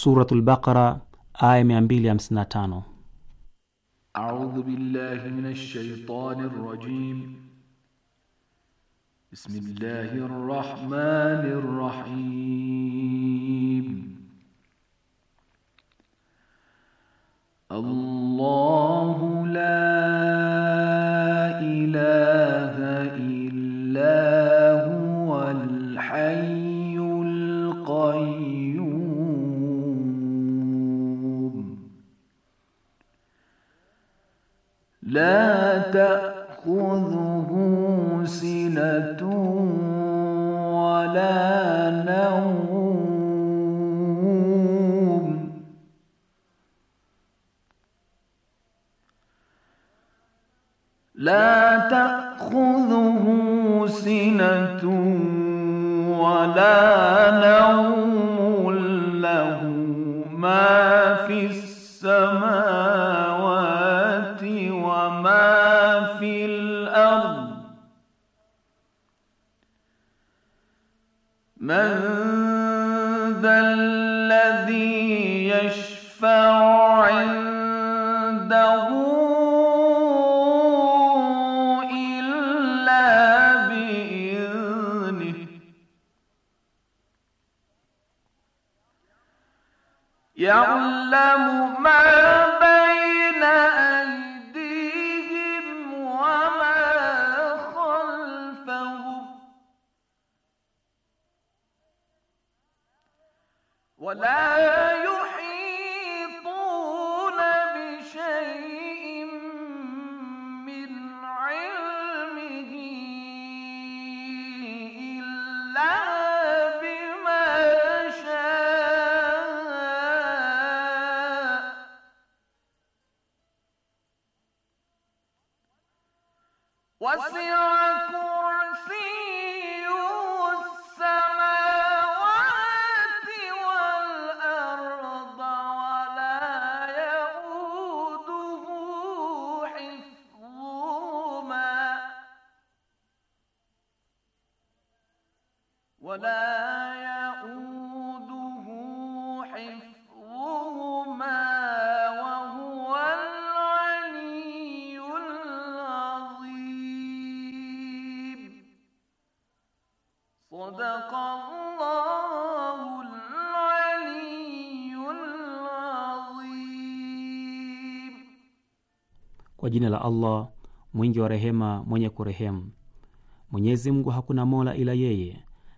Suratul Baqara aya mia mbili tano. A'udhu billahi minash shaitanir rajim. Bismillahir rahmanir لا تأخذه سنة ولا نوم لا تأخذه سنة ولا نوم Kwa jina la Allah mwingi wa rehema, mwenye kurehemu. Mwenyezi Mungu hakuna mola ila yeye,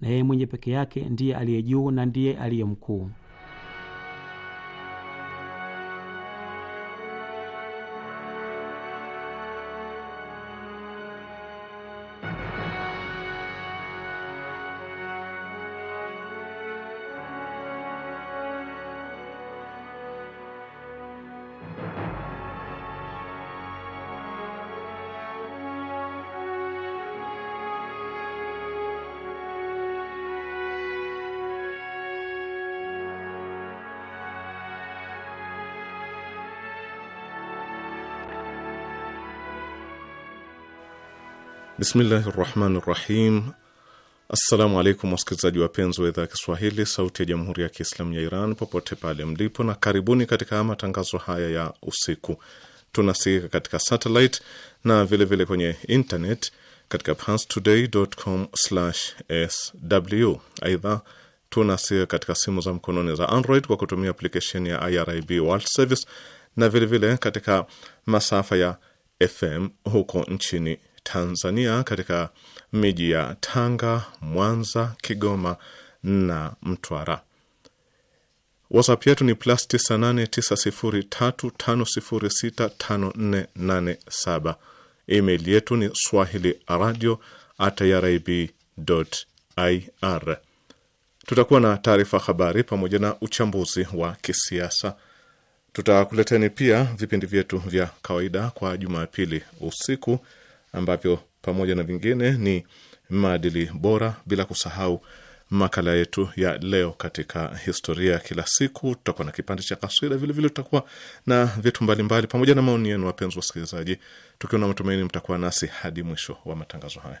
na yeye mwenye peke yake ndiye aliye juu na ndiye aliye mkuu. Bismillahi rahmani rahim. Assalamu alaikum wasikilizaji wapenzi wa idhaa ya Kiswahili sauti ya jamhuri ya Kiislamu ya Iran popote pale mlipo, na karibuni katika matangazo haya ya usiku. Tunasikika katika satellite na vilevile vile kwenye internet katika parstoday.com/sw. Aidha, tunasikika katika simu za mkononi za Android kwa kutumia aplikesheni ya IRIB World Service na vilevile vile katika masafa ya FM huko nchini Tanzania katika miji ya Tanga, Mwanza, Kigoma na Mtwara. WhatsApp yetu ni plus 989035065487. Email yetu ni swahili radio at irib ir. Tutakuwa na taarifa habari pamoja na uchambuzi wa kisiasa. Tutakuleteni pia vipindi vyetu vya kawaida kwa Jumapili usiku ambavyo pamoja na vingine ni maadili bora, bila kusahau makala yetu ya leo katika historia. ya Kila siku tutakuwa na kipande cha kaswida, vilevile tutakuwa na vitu mbalimbali pamoja na maoni yenu, wapenzi wasikilizaji, tukiwa na matumaini mtakuwa nasi hadi mwisho wa matangazo haya.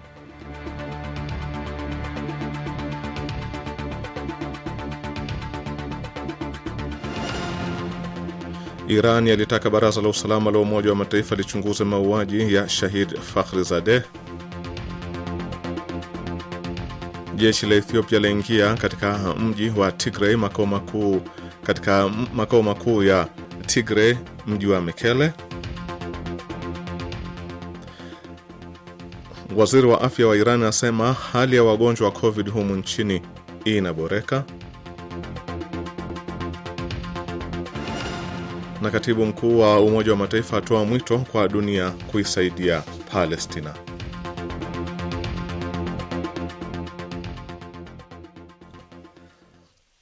Iran yalitaka baraza la usalama la Umoja wa Mataifa lichunguze mauaji ya Shahid fakhri zade Jeshi la Ethiopia laingia katika mji wa Tigray, makao makuu katika makao makuu ya Tigray, mji wa Mekele. Waziri wa afya wa Iran asema hali ya wagonjwa wa COVID humu nchini inaboreka. na katibu mkuu wa Umoja wa Mataifa atoa mwito kwa dunia kuisaidia Palestina.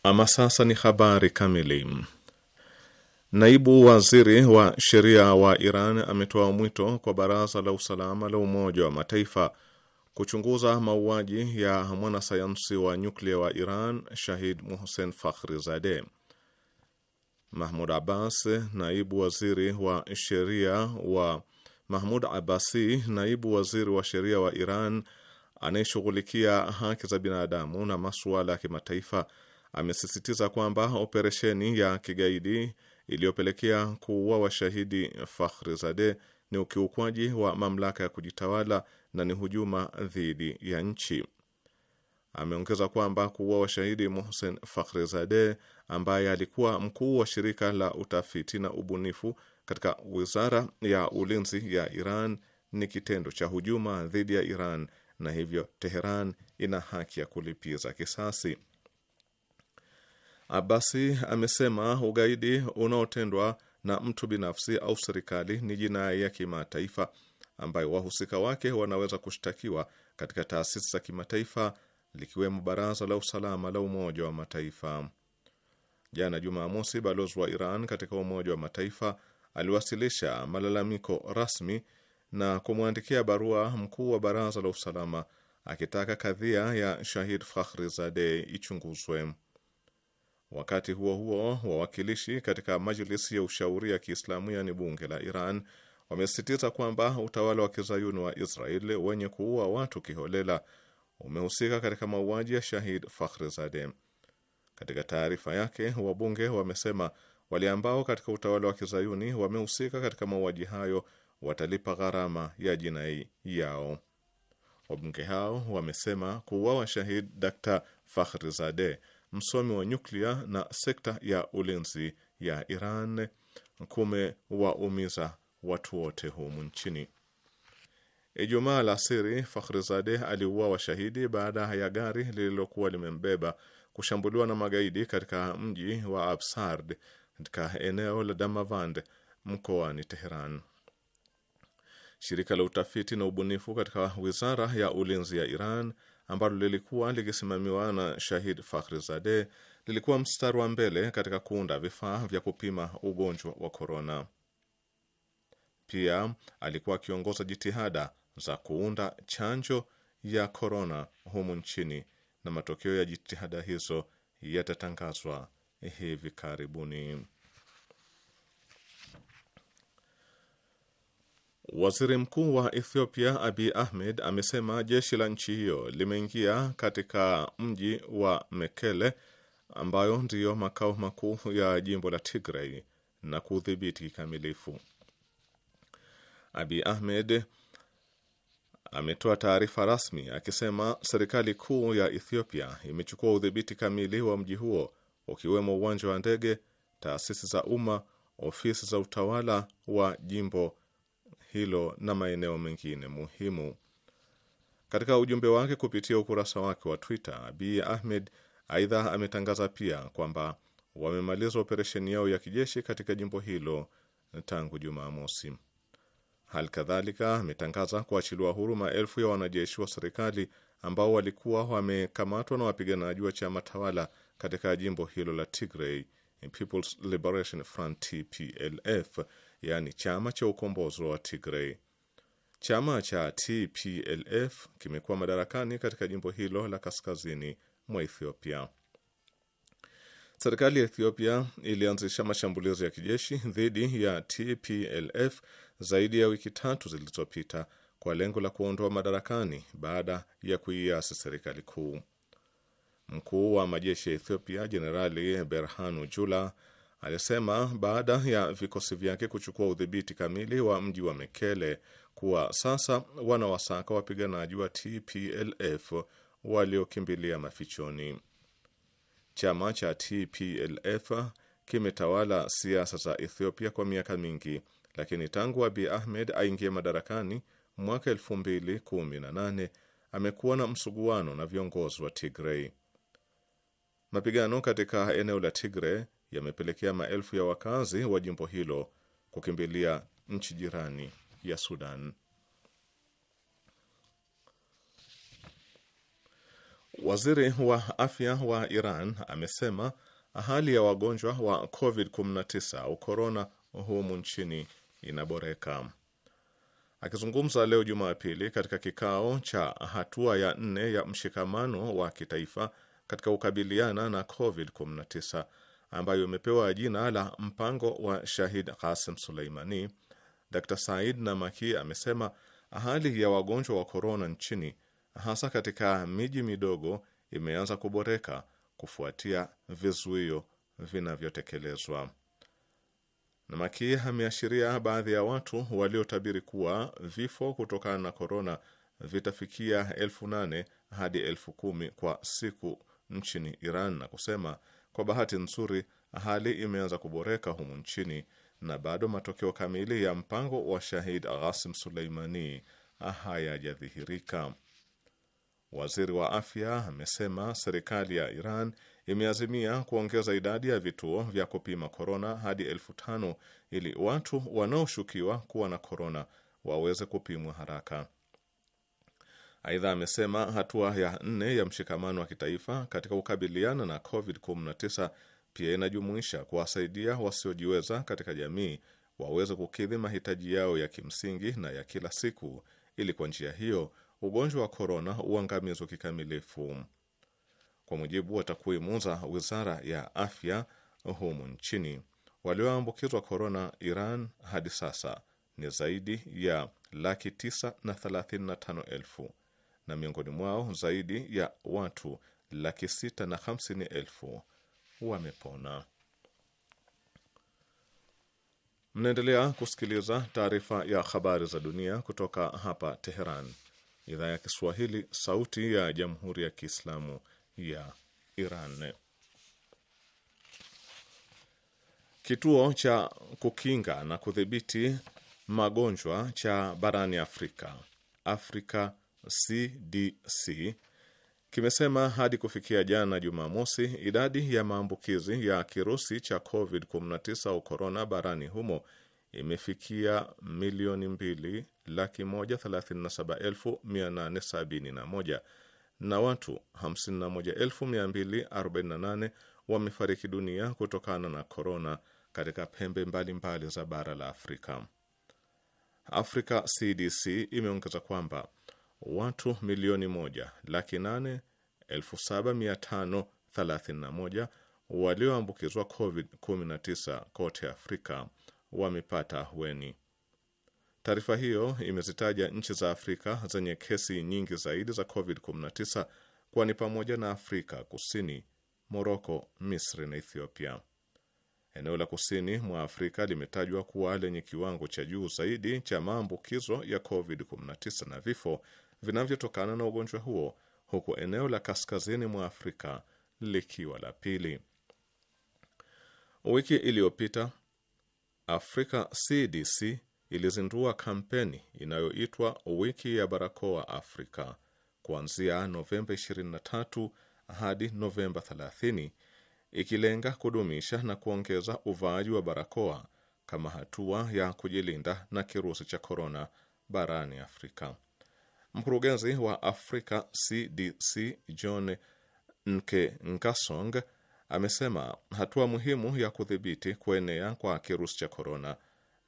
Ama sasa ni habari kamili. Naibu waziri wa sheria wa Iran ametoa mwito kwa Baraza la Usalama la Umoja wa Mataifa kuchunguza mauaji ya mwanasayansi wa nyuklia wa Iran Shahid Mohsen Fakhrizadeh. Mahmud Abbas, naibu waziri wa sheria wa Mahmud Abbasi, naibu waziri wa sheria wa Iran anayeshughulikia haki za binadamu na masuala ya kimataifa, amesisitiza kwamba operesheni ya kigaidi iliyopelekea kuua washahidi zade ni ukiukwaji wa mamlaka ya kujitawala na ni hujuma dhidi ya nchi. Ameongeza kwamba kuua washahidi Mohsen zade ambaye alikuwa mkuu wa shirika la utafiti na ubunifu katika wizara ya ulinzi ya Iran ni kitendo cha hujuma dhidi ya Iran na hivyo Teheran ina haki ya kulipiza kisasi. Abasi amesema ugaidi unaotendwa na mtu binafsi au serikali ni jinai ya kimataifa ambayo wahusika wake wanaweza kushtakiwa katika taasisi za kimataifa likiwemo Baraza la Usalama la Umoja wa Mataifa. Jana Jumamosi, balozi wa Iran katika Umoja wa Mataifa aliwasilisha malalamiko rasmi na kumwandikia barua mkuu wa Baraza la Usalama akitaka kadhia ya Shahid Fakhrizadeh ichunguzwe. Wakati huo huo, wawakilishi katika Majlisi ya Ushauri ya Kiislamu, yani bunge la Iran, wamesisitiza kwamba utawala wa kizayuni wa israel wenye kuua watu kiholela umehusika katika mauaji ya Shahid Fakhrizadeh. Katika taarifa yake, wabunge wamesema wale ambao katika utawala wa kizayuni wamehusika katika mauaji hayo watalipa gharama ya jinai yao. Wabunge hao wamesema kuuawa shahid Dr Fakhrizadeh, msomi wa nyuklia na sekta ya ulinzi ya Iran, kumewaumiza watu wote humu nchini. Ijumaa alasiri, Fakhrizadeh aliuawa shahidi baada ya gari lililokuwa limembeba kushambuliwa na magaidi katika mji wa Absard katika eneo la Damavand mkoani Teheran. Shirika la utafiti na ubunifu katika wizara ya ulinzi ya Iran ambalo lilikuwa likisimamiwa na Shahid Fakhrizadeh lilikuwa mstari wa mbele katika kuunda vifaa vya kupima ugonjwa wa korona. Pia alikuwa akiongoza jitihada za kuunda chanjo ya korona humu nchini na matokeo ya jitihada hizo yatatangazwa hivi karibuni. Waziri Mkuu wa Ethiopia Abiy Ahmed amesema jeshi la nchi hiyo limeingia katika mji wa Mekele ambayo ndiyo makao makuu ya jimbo la Tigray na kudhibiti kikamilifu. Abiy Ahmed ametoa taarifa rasmi akisema serikali kuu ya Ethiopia imechukua udhibiti kamili wa mji huo ukiwemo uwanja wa ndege, taasisi za umma, ofisi za utawala wa jimbo hilo na maeneo mengine muhimu. Katika ujumbe wake kupitia ukurasa wake wa Twitter, Abiy Ahmed aidha ametangaza pia kwamba wamemaliza operesheni yao ya kijeshi katika jimbo hilo tangu Jumamosi. Hali kadhalika ametangaza kuachiliwa huru maelfu ya wanajeshi wa serikali ambao walikuwa wamekamatwa na wapiganaji wa chama tawala katika jimbo hilo la Tigray, People's Liberation Front TPLF, yaani chama cha ukombozi wa Tigray. Chama cha TPLF kimekuwa madarakani katika jimbo hilo la kaskazini mwa Ethiopia. Serikali ya Ethiopia ilianzisha mashambulizi ya kijeshi dhidi ya TPLF zaidi ya wiki tatu zilizopita kwa lengo la kuondoa madarakani baada ya kuiasi serikali kuu. Mkuu wa majeshi ya Ethiopia Jenerali Berhanu Jula alisema baada ya vikosi vyake kuchukua udhibiti kamili wa mji wa Mekele kuwa sasa wanawasaka wapiganaji wa TPLF waliokimbilia mafichoni. Chama cha TPLF kimetawala siasa za Ethiopia kwa miaka mingi lakini tangu Abi Ahmed aingie madarakani mwaka 2018 amekuwa na msuguano na viongozi wa Tigrei. Mapigano katika eneo la Tigre yamepelekea maelfu ya wakazi wa jimbo hilo kukimbilia nchi jirani ya Sudan. Waziri wa afya wa Iran amesema hali ya wagonjwa wa COVID-19 au korona humu nchini inaboreka. Akizungumza leo Jumapili katika kikao cha hatua ya nne ya mshikamano wa kitaifa katika kukabiliana na COVID-19 ambayo imepewa jina la mpango wa Shahid Qasim Suleimani, Dr Said Namaki amesema hali ya wagonjwa wa korona nchini hasa katika miji midogo imeanza kuboreka kufuatia vizuio vinavyotekelezwa. Maki ameashiria baadhi ya watu waliotabiri kuwa vifo kutokana na korona vitafikia elfu nane hadi elfu kumi kwa siku nchini Iran na kusema kwa bahati nzuri hali imeanza kuboreka humu nchini na bado matokeo kamili ya mpango wa Shahid Ghasim Suleimani hayajadhihirika. Waziri wa afya amesema serikali ya Iran imeazimia kuongeza idadi ya vituo vya kupima korona hadi elfu tano ili watu wanaoshukiwa kuwa na korona waweze kupimwa haraka. Aidha, amesema hatua ya nne ya mshikamano wa kitaifa katika kukabiliana na COVID-19 pia inajumuisha kuwasaidia wasiojiweza katika jamii waweze kukidhi mahitaji yao ya kimsingi na ya kila siku, ili kwa njia hiyo ugonjwa wa korona uangamizwe kikamilifu. Kwa mujibu wa takwimu za wizara ya afya humu nchini, walioambukizwa korona Iran hadi sasa ni zaidi ya laki tisa na thelathini na tano elfu na miongoni mwao zaidi ya watu laki sita na hamsini elfu wamepona. Mnaendelea kusikiliza taarifa ya habari za dunia kutoka hapa Teheran, idhaa ya Kiswahili, sauti ya jamhuri ya kiislamu ya Iran. Kituo cha kukinga na kudhibiti magonjwa cha barani Afrika, Africa CDC, kimesema hadi kufikia jana Jumamosi, idadi ya maambukizi ya kirusi cha COVID-19 au corona barani humo imefikia milioni mbili laki moja thelathini na saba elfu mia nane sabini na moja na watu 51248 wamefariki dunia kutokana na korona katika pembe mbalimbali mbali za bara la Afrika. Africa CDC imeongeza kwamba watu milioni moja laki nane elfu saba mia tano thelathini na moja walioambukizwa COVID-19 kote Afrika wamepata ahueni. Taarifa hiyo imezitaja nchi za Afrika zenye kesi nyingi zaidi za COVID-19 kuwa ni pamoja na Afrika Kusini, Moroko, Misri na Ethiopia. Eneo la kusini mwa Afrika limetajwa kuwa lenye kiwango cha juu zaidi cha maambukizo ya COVID-19 na vifo vinavyotokana na ugonjwa huo, huku eneo la kaskazini mwa Afrika likiwa la pili. Wiki iliyopita Afrika CDC ilizindua kampeni inayoitwa wiki ya barakoa Afrika kuanzia Novemba 23 hadi Novemba 30, ikilenga kudumisha na kuongeza uvaaji wa barakoa kama hatua ya kujilinda na kirusi cha korona barani Afrika. Mkurugenzi wa Afrika CDC John Nkengasong amesema hatua muhimu ya kudhibiti kuenea kwa kirusi cha korona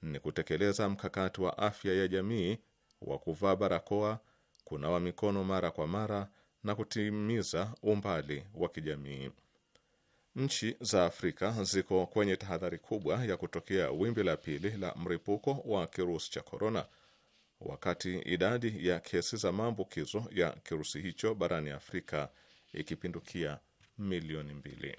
ni kutekeleza mkakati wa afya ya jamii wa kuvaa barakoa, kunawa mikono mara kwa mara na kutimiza umbali wa kijamii. Nchi za Afrika ziko kwenye tahadhari kubwa ya kutokea wimbi la pili la mlipuko wa kirusi cha korona, wakati idadi ya kesi za maambukizo ya kirusi hicho barani Afrika ikipindukia milioni mbili.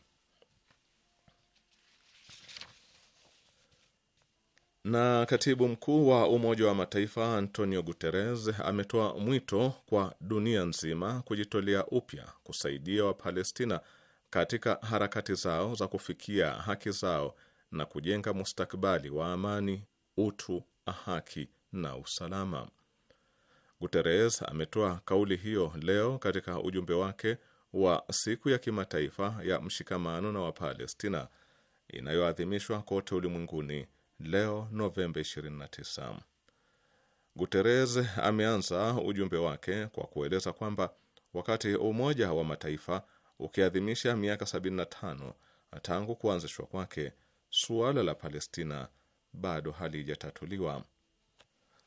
Na katibu mkuu wa Umoja wa Mataifa Antonio Guterres ametoa mwito kwa dunia nzima kujitolea upya kusaidia Wapalestina katika harakati zao za kufikia haki zao na kujenga mustakabali wa amani, utu, haki na usalama. Guterres ametoa kauli hiyo leo katika ujumbe wake wa siku ya kimataifa ya mshikamano na Wapalestina inayoadhimishwa kote ulimwenguni leo Novemba 29. Guterres ameanza ujumbe wake kwa kueleza kwamba wakati Umoja wa Mataifa ukiadhimisha miaka 75 tangu kuanzishwa kwake, suala la Palestina bado halijatatuliwa.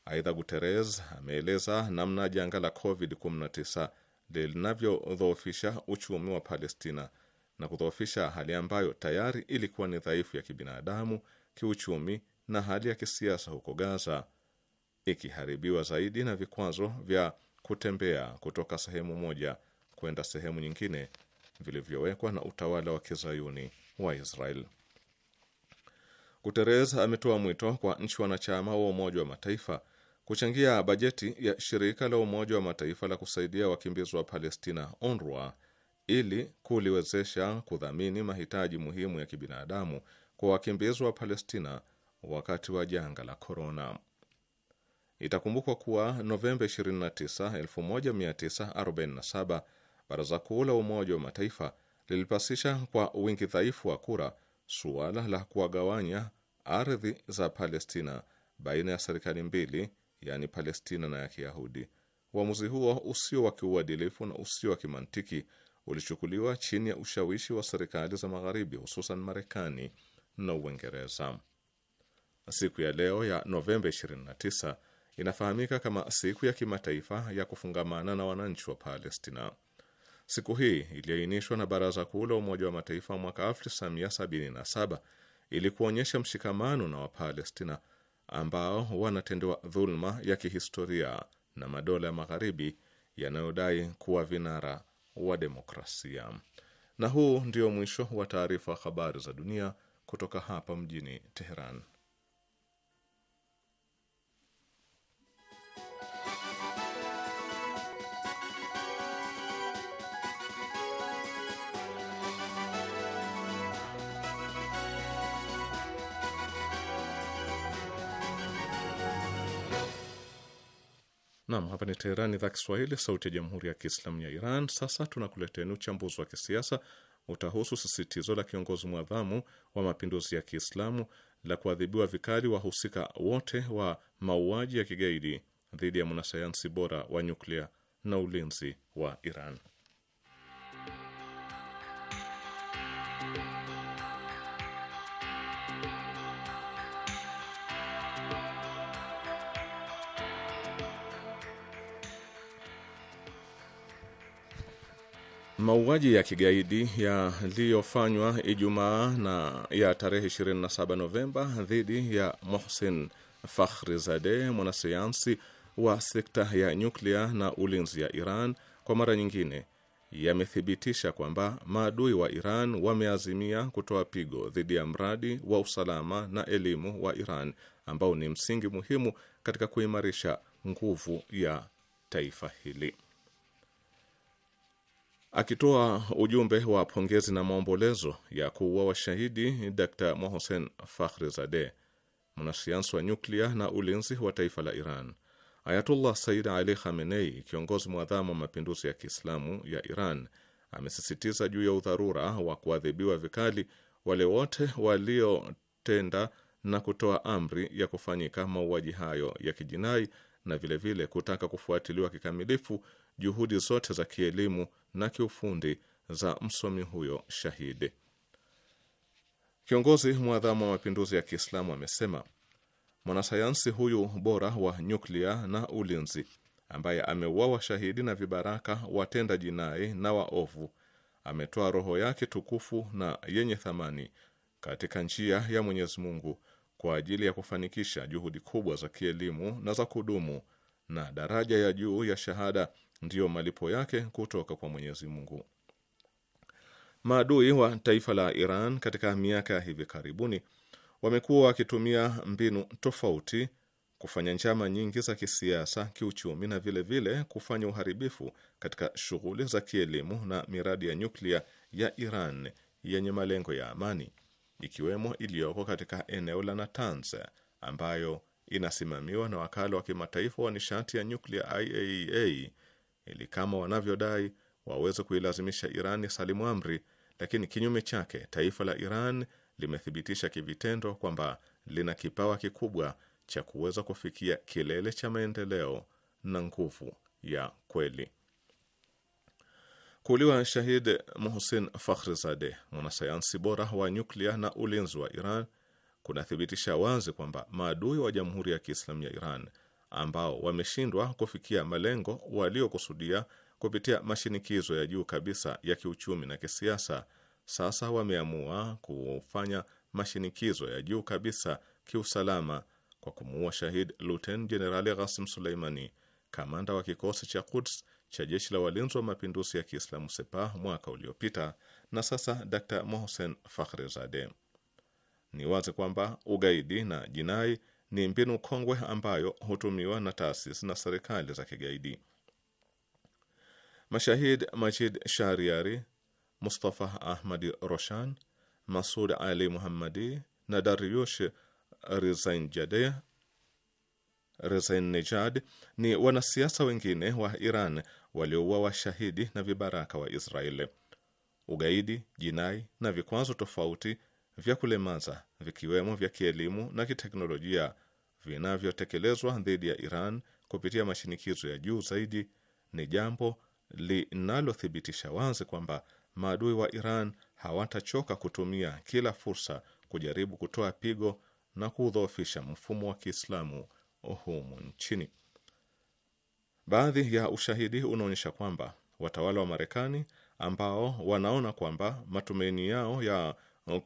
Aidha, Guterres ameeleza namna janga la COVID-19 linavyodhoofisha uchumi wa Palestina na kudhoofisha hali ambayo tayari ilikuwa ni dhaifu ya kibinadamu kiuchumi na hali ya kisiasa huko Gaza, ikiharibiwa zaidi na vikwazo vya kutembea kutoka sehemu moja kwenda sehemu nyingine vilivyowekwa na utawala wa kizayuni wa Israel. Guterres ametoa mwito kwa nchi wanachama wa Umoja wa Mataifa kuchangia bajeti ya shirika la Umoja wa Mataifa la kusaidia wakimbizi wa Palestina, UNRWA, ili kuliwezesha kudhamini mahitaji muhimu ya kibinadamu kwa wakimbizi wa Palestina wakati wa janga la korona. Itakumbukwa kuwa Novemba 29, 1947 Baraza Kuu la Umoja wa Mataifa lilipasisha kwa wingi dhaifu wa kura suala la kuwagawanya ardhi za Palestina baina ya serikali mbili, yaani Palestina na ya Kiyahudi. Uamuzi huo usio wa kiuadilifu na usio wa kimantiki ulichukuliwa chini ya ushawishi wa serikali za Magharibi, hususan Marekani na Uingereza. Siku ya leo ya Novemba 29 inafahamika kama siku ya kimataifa ya kufungamana na wananchi wa Palestina. Siku hii iliainishwa na Baraza Kuu la Umoja wa Mataifa mwaka 1977 ili kuonyesha mshikamano na Wapalestina ambao wanatendewa dhuluma ya kihistoria na madola ya magharibi yanayodai kuwa vinara wa demokrasia. Na huu ndio mwisho wa taarifa habari za dunia kutoka hapa mjini Teheran. Nam, hapa ni Teherani, idhaa Kiswahili, sauti ya jamhuri ya kiislamu ya Iran. Sasa tunakuleteni uchambuzi wa kisiasa utahusu sisitizo la kiongozi mwadhamu wa mapinduzi ya Kiislamu la kuadhibiwa vikali wahusika wote wa mauaji ya kigaidi dhidi ya mwanasayansi bora wa nyuklia na ulinzi wa Iran. Mauaji ya kigaidi yaliyofanywa Ijumaa na ya tarehe 27 Novemba dhidi ya Mohsin Fakhrizadeh, mwanasayansi wa sekta ya nyuklia na ulinzi ya Iran, kwa mara nyingine yamethibitisha kwamba maadui wa Iran wameazimia kutoa pigo dhidi ya mradi wa usalama na elimu wa Iran ambao ni msingi muhimu katika kuimarisha nguvu ya taifa hili. Akitoa ujumbe wa pongezi na maombolezo ya kuuawa washahidi Dr Mohsen zade mwanasayansi wa nyuklia na ulinzi wa taifa la Iran, Ayatullah Sayyid Ali Khamenei, kiongozi mwadhamu wa mapinduzi ya Kiislamu ya Iran, amesisitiza juu ya udharura wa kuadhibiwa vikali wale wote waliotenda na kutoa amri ya kufanyika mauaji hayo ya kijinai na vilevile vile kutaka kufuatiliwa kikamilifu juhudi zote za kielimu na kiufundi za msomi huyo shahidi. Kiongozi mwadhamu wa mapinduzi ya Kiislamu amesema mwanasayansi huyu bora wa nyuklia na ulinzi ambaye ameuawa shahidi na vibaraka watenda jinai na waovu, ametoa roho yake tukufu na yenye thamani katika njia ya Mwenyezi Mungu kwa ajili ya kufanikisha juhudi kubwa za kielimu na za kudumu na daraja ya juu ya shahada ndiyo malipo yake kutoka kwa Mwenyezi Mungu. Maadui wa taifa la Iran katika miaka ya hivi karibuni wamekuwa wakitumia mbinu tofauti kufanya njama nyingi za kisiasa, kiuchumi na vilevile vile kufanya uharibifu katika shughuli za kielimu na miradi ya nyuklia ya Iran yenye malengo ya amani, ikiwemo iliyoko katika eneo la Natanz ambayo inasimamiwa na wakala wa kimataifa wa nishati ya nyuklia IAEA e ili kama wanavyodai waweze kuilazimisha Iran salimu amri, lakini kinyume chake taifa la Iran limethibitisha kivitendo kwamba lina kipawa kikubwa cha kuweza kufikia kilele cha maendeleo na nguvu ya kweli. Kuuliwa shahid Mohsin Fakhrizadeh, mwanasayansi bora wa nyuklia na ulinzi wa Iran, kunathibitisha wazi kwamba maadui wa Jamhuri ya Kiislamu ya Iran ambao wameshindwa kufikia malengo waliokusudia kupitia mashinikizo ya juu kabisa ya kiuchumi na kisiasa, sasa wameamua kufanya mashinikizo ya juu kabisa kiusalama kwa kumuua shahid Luten Jenerali Ghasim Suleimani, kamanda wa kikosi cha Quds cha jeshi la walinzi wa mapinduzi ya Kiislamu Sepah mwaka uliopita, na sasa Dr Mohsen fahrizade Ni wazi kwamba ugaidi na jinai ni mbinu kongwe ambayo hutumiwa na taasisi na serikali za kigaidi. Mashahid Majid Shariari, Mustafa Ahmadi Roshan, Masud Ali Muhammadi na Daryush Rezainjade nejad ni wanasiasa wengine wa Iran waliouawa washahidi na vibaraka wa Israeli. Ugaidi, jinai na vikwazo tofauti vya kulemaza vikiwemo vya kielimu na kiteknolojia vinavyotekelezwa dhidi ya Iran kupitia mashinikizo ya juu zaidi ni jambo linalothibitisha wazi kwamba maadui wa Iran hawatachoka kutumia kila fursa kujaribu kutoa pigo na kuudhoofisha mfumo wa Kiislamu humu nchini. Baadhi ya ushahidi unaonyesha kwamba watawala wa Marekani ambao wanaona kwamba matumaini yao ya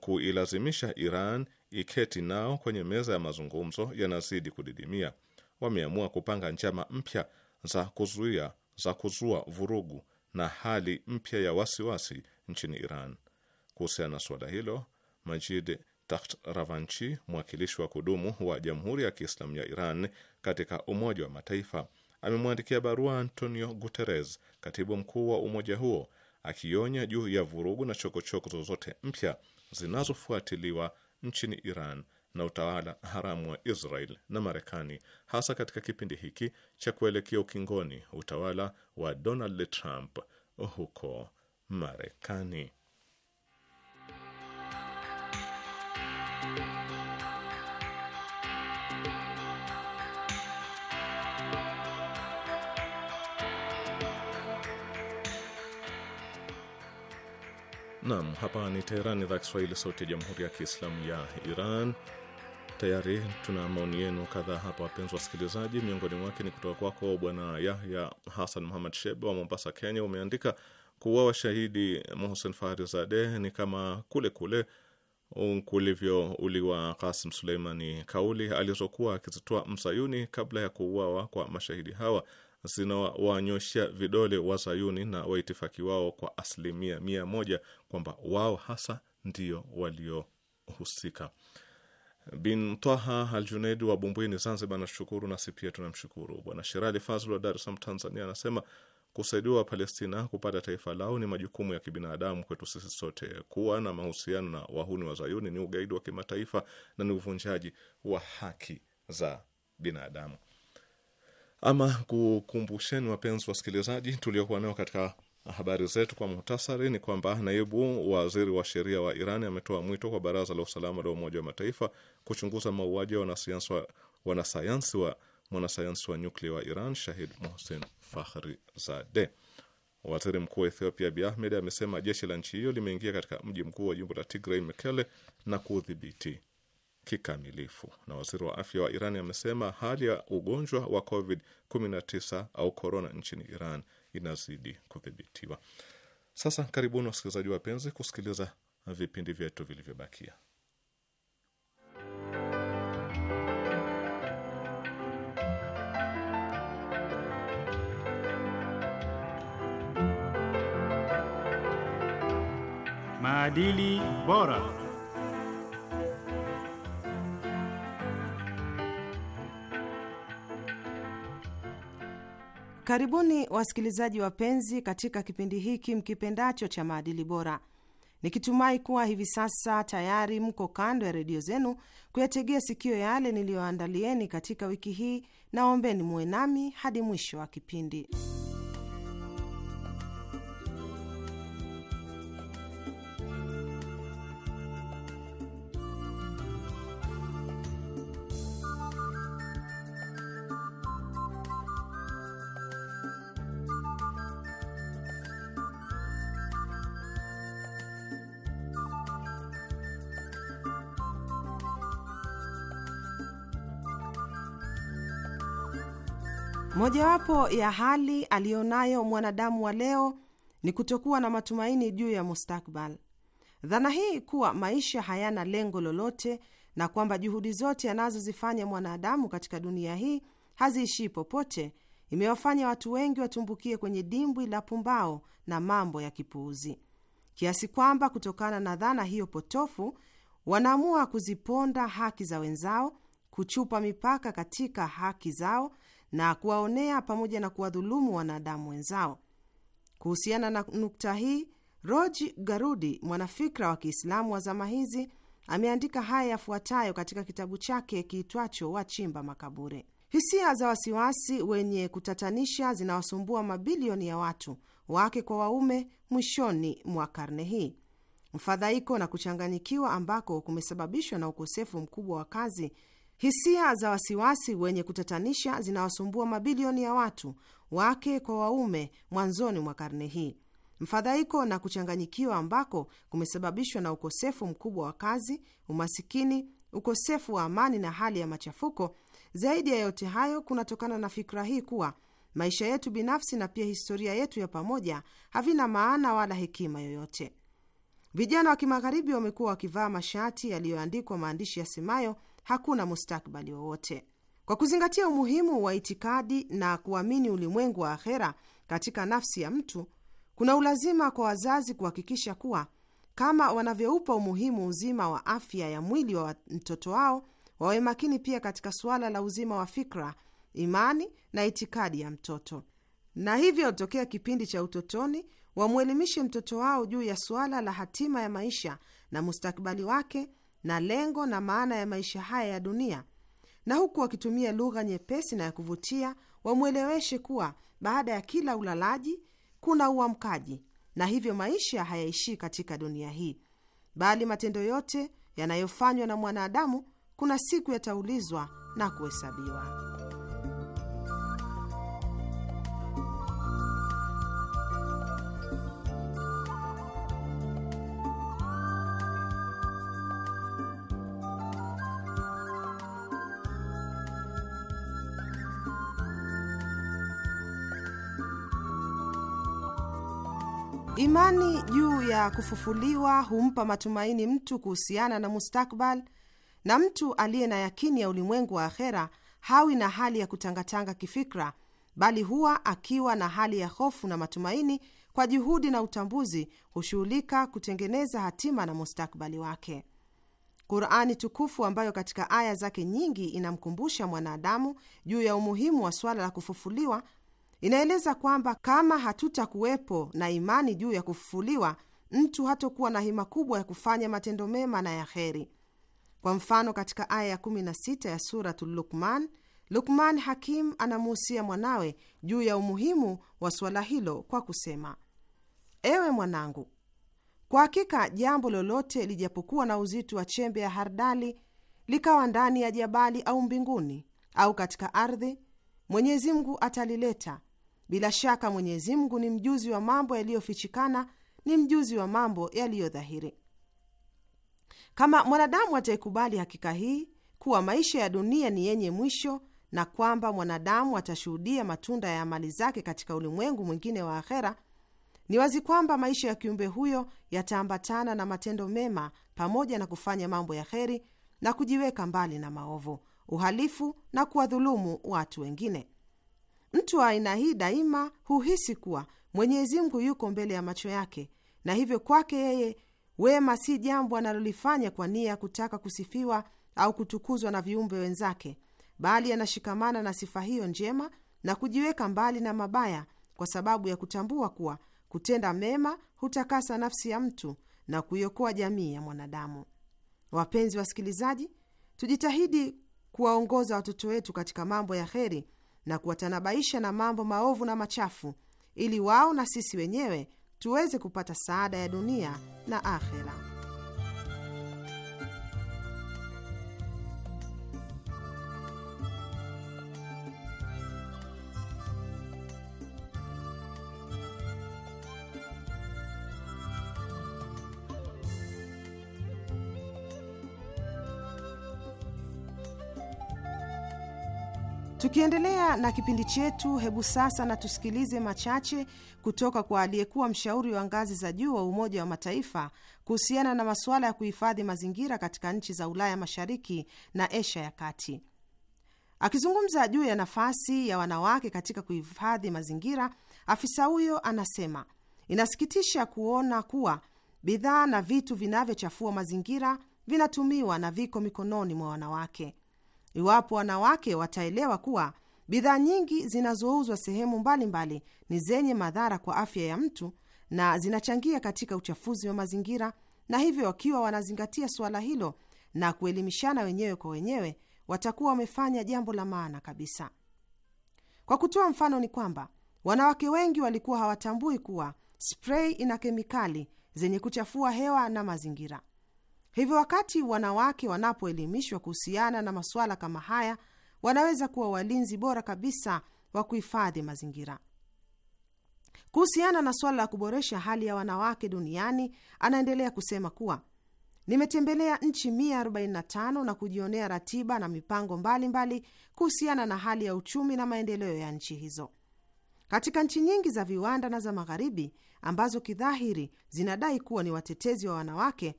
kuilazimisha Iran iketi nao kwenye meza ya mazungumzo yanazidi kudidimia. Wameamua kupanga njama mpya za kuzuia za kuzua vurugu na hali mpya ya wasiwasi wasi nchini Iran. Kuhusiana na suala hilo, Majid Takht Ravanchi, mwakilishi wa kudumu wa Jamhuri ya Kiislamu ya Iran katika Umoja wa Mataifa, amemwandikia barua Antonio Guterres, katibu mkuu wa umoja huo, akionya juu ya vurugu na chokochoko zozote mpya zinazofuatiliwa nchini Iran na utawala haramu wa Israel na Marekani, hasa katika kipindi hiki cha kuelekea ukingoni utawala wa Donald Trump huko Marekani. Naam, hapa ni Teherani, idhaa Kiswahili, sauti ya jamhuri ya kiislamu ya Iran. Tayari tuna maoni yenu kadhaa hapa, wapenzi wasikilizaji. Miongoni mwake ni kutoka kwako Bwana Yahya Hasan Muhamad Shebe wa Mombasa, Kenya. Umeandika kuwa washahidi Mohsen Fahari Zade ni kama kule kule kulivyouliwa Kasim Suleimani, kauli alizokuwa akizitoa msayuni kabla ya kuuawa kwa mashahidi hawa zinawanyoshea vidole wazayuni na waitifaki wao kwa asilimia mia moja kwamba wao hasa ndio waliohusika. Bin Twaha Al Junaidi wa Bumbwini, Zanzibar anashukuru, nasi pia tunamshukuru. Bwana Sherali Fazl wa Dar es Salaam, Tanzania anasema kusaidiwa Wapalestina kupata taifa lao ni majukumu ya kibinadamu kwetu sisi sote. Kuwa na mahusiano na wahuni wa zayuni ni ugaidi wa kimataifa na ni uvunjaji wa haki za binadamu. Ama kukumbusheni wapenzi wasikilizaji, tuliokuwa nao katika habari zetu kwa muhtasari ni kwamba naibu waziri wa sheria wa Iran ametoa mwito kwa baraza la usalama la Umoja wa Mataifa kuchunguza mauaji ya wanasayansi wa, wanasayansi wa mwanasayansi wa nyuklia wa Iran Shahid Mohsen Fakhri Zade. Waziri mkuu wa Ethiopia Abiy Ahmed amesema jeshi la nchi hiyo limeingia katika mji mkuu wa jimbo la Tigray Mekele na kuudhibiti kikamilifu. Na waziri wa afya wa Iran amesema hali ya ugonjwa wa COVID-19 au korona nchini Iran inazidi kudhibitiwa. Sasa karibuni wasikilizaji wapenzi, kusikiliza vipindi vyetu vilivyobakia. Maadili bora. Karibuni wasikilizaji wapenzi, katika kipindi hiki mkipendacho cha maadili bora, nikitumai kuwa hivi sasa tayari mko kando ya redio zenu kuyategea sikio yale niliyoandalieni katika wiki hii. Naombeni muwe nami hadi mwisho wa kipindi. Mojawapo ya hali aliyonayo mwanadamu wa leo ni kutokuwa na matumaini juu ya mustakbal. Dhana hii kuwa maisha hayana lengo lolote na kwamba juhudi zote anazozifanya mwanadamu katika dunia hii haziishii popote imewafanya watu wengi watumbukie kwenye dimbwi la pumbao na mambo ya kipuuzi, kiasi kwamba kutokana na dhana hiyo potofu wanaamua kuziponda haki za wenzao, kuchupa mipaka katika haki zao na kuwaonea pamoja na kuwadhulumu wanadamu wenzao. Kuhusiana na nukta hii, Roji Garudi, mwanafikra wa Kiislamu wa zama hizi, ameandika haya yafuatayo katika kitabu chake kiitwacho Wachimba Makaburi. Hisia za wasiwasi wenye kutatanisha zinawasumbua mabilioni ya watu, wake kwa waume, mwishoni mwa karne hii. Mfadhaiko na kuchanganyikiwa ambako kumesababishwa na ukosefu mkubwa wa kazi Hisia za wasiwasi wenye kutatanisha zinawasumbua mabilioni ya watu, wake kwa waume, mwanzoni mwa karne hii. Mfadhaiko na kuchanganyikiwa ambako kumesababishwa na ukosefu mkubwa wa kazi, umasikini, ukosefu wa amani na hali ya machafuko. Zaidi ya yote hayo, kunatokana na fikra hii kuwa maisha yetu binafsi na pia historia yetu ya pamoja havina maana wala hekima yoyote. Vijana wa kimagharibi wamekuwa wakivaa mashati yaliyoandikwa maandishi yasemayo hakuna mustakbali wowote. Kwa kuzingatia umuhimu wa itikadi na kuamini ulimwengu wa akhera katika nafsi ya mtu, kuna ulazima kwa wazazi kuhakikisha kuwa kama wanavyoupa umuhimu uzima wa afya ya mwili wa mtoto wao, wawe makini pia katika suala la uzima wa fikra, imani na itikadi ya mtoto, na hivyo tokea kipindi cha utotoni wamwelimishe mtoto wao juu ya suala la hatima ya maisha na mustakabali wake na lengo na maana ya maisha haya ya dunia, na huku wakitumia lugha nyepesi na ya kuvutia wamweleweshe kuwa baada ya kila ulalaji kuna uamkaji, na hivyo maisha hayaishii katika dunia hii, bali matendo yote yanayofanywa na mwanadamu kuna siku yataulizwa na kuhesabiwa. Imani juu ya kufufuliwa humpa matumaini mtu kuhusiana na mustakbal, na mtu aliye na yakini ya ulimwengu wa akhera hawi na hali ya kutangatanga kifikra, bali huwa akiwa na hali ya hofu na matumaini. Kwa juhudi na utambuzi hushughulika kutengeneza hatima na mustakbali wake. Qurani tukufu ambayo katika aya zake nyingi inamkumbusha mwanadamu juu ya umuhimu wa swala la kufufuliwa Inaeleza kwamba kama hatutakuwepo na imani juu ya kufufuliwa, mtu hatokuwa na hima kubwa ya kufanya matendo mema na ya heri. Kwa mfano, katika aya ya 16 ya Suratul Lukman, Lukman Hakim anamuhusia mwanawe juu ya umuhimu wa suala hilo kwa kusema: ewe mwanangu, kwa hakika jambo lolote lijapokuwa na uzito wa chembe ya hardali, likawa ndani ya jabali au mbinguni au katika ardhi, Mwenyezi Mungu atalileta bila shaka Mwenyezi Mungu ni mjuzi wa mambo yaliyofichikana, ni mjuzi wa mambo yaliyodhahiri. Kama mwanadamu ataikubali hakika hii kuwa maisha ya dunia ni yenye mwisho na kwamba mwanadamu atashuhudia matunda ya amali zake katika ulimwengu mwingine wa akhera, ni wazi kwamba maisha ya kiumbe huyo yataambatana na matendo mema pamoja na kufanya mambo ya heri na kujiweka mbali na maovu, uhalifu na kuwadhulumu watu wengine. Mtu wa aina hii daima huhisi kuwa Mwenyezi Mungu yuko mbele ya macho yake, na hivyo kwake yeye wema si jambo analolifanya kwa nia ya kutaka kusifiwa au kutukuzwa na viumbe wenzake, bali anashikamana na sifa hiyo njema na kujiweka mbali na mabaya kwa sababu ya kutambua kuwa kutenda mema hutakasa nafsi ya mtu na kuiokoa jamii ya mwanadamu. Wapenzi wasikilizaji, tujitahidi kuwaongoza watoto wetu katika mambo ya heri na kuwatanabaisha na mambo maovu na machafu, ili wao na sisi wenyewe tuweze kupata saada ya dunia na akhera. Tukiendelea na kipindi chetu, hebu sasa na tusikilize machache kutoka kwa aliyekuwa mshauri wa ngazi za juu wa Umoja wa Mataifa kuhusiana na masuala ya kuhifadhi mazingira katika nchi za Ulaya Mashariki na Asia ya Kati. Akizungumza juu ya nafasi ya wanawake katika kuhifadhi mazingira, afisa huyo anasema inasikitisha kuona kuwa bidhaa na vitu vinavyochafua mazingira vinatumiwa na viko mikononi mwa wanawake. Iwapo wanawake wataelewa kuwa bidhaa nyingi zinazouzwa sehemu mbalimbali mbali ni zenye madhara kwa afya ya mtu na zinachangia katika uchafuzi wa mazingira, na hivyo wakiwa wanazingatia suala hilo na kuelimishana wenyewe kwa wenyewe, watakuwa wamefanya jambo la maana kabisa. Kwa kutoa mfano, ni kwamba wanawake wengi walikuwa hawatambui kuwa sprei ina kemikali zenye kuchafua hewa na mazingira. Hivyo wakati wanawake wanapoelimishwa kuhusiana na masuala kama haya, wanaweza kuwa walinzi bora kabisa wa kuhifadhi mazingira. Kuhusiana na suala la kuboresha hali ya wanawake duniani, anaendelea kusema kuwa nimetembelea nchi 145 na kujionea ratiba na mipango mbalimbali kuhusiana na hali ya uchumi na maendeleo ya nchi hizo. Katika nchi nyingi za viwanda na za magharibi ambazo kidhahiri zinadai kuwa ni watetezi wa wanawake,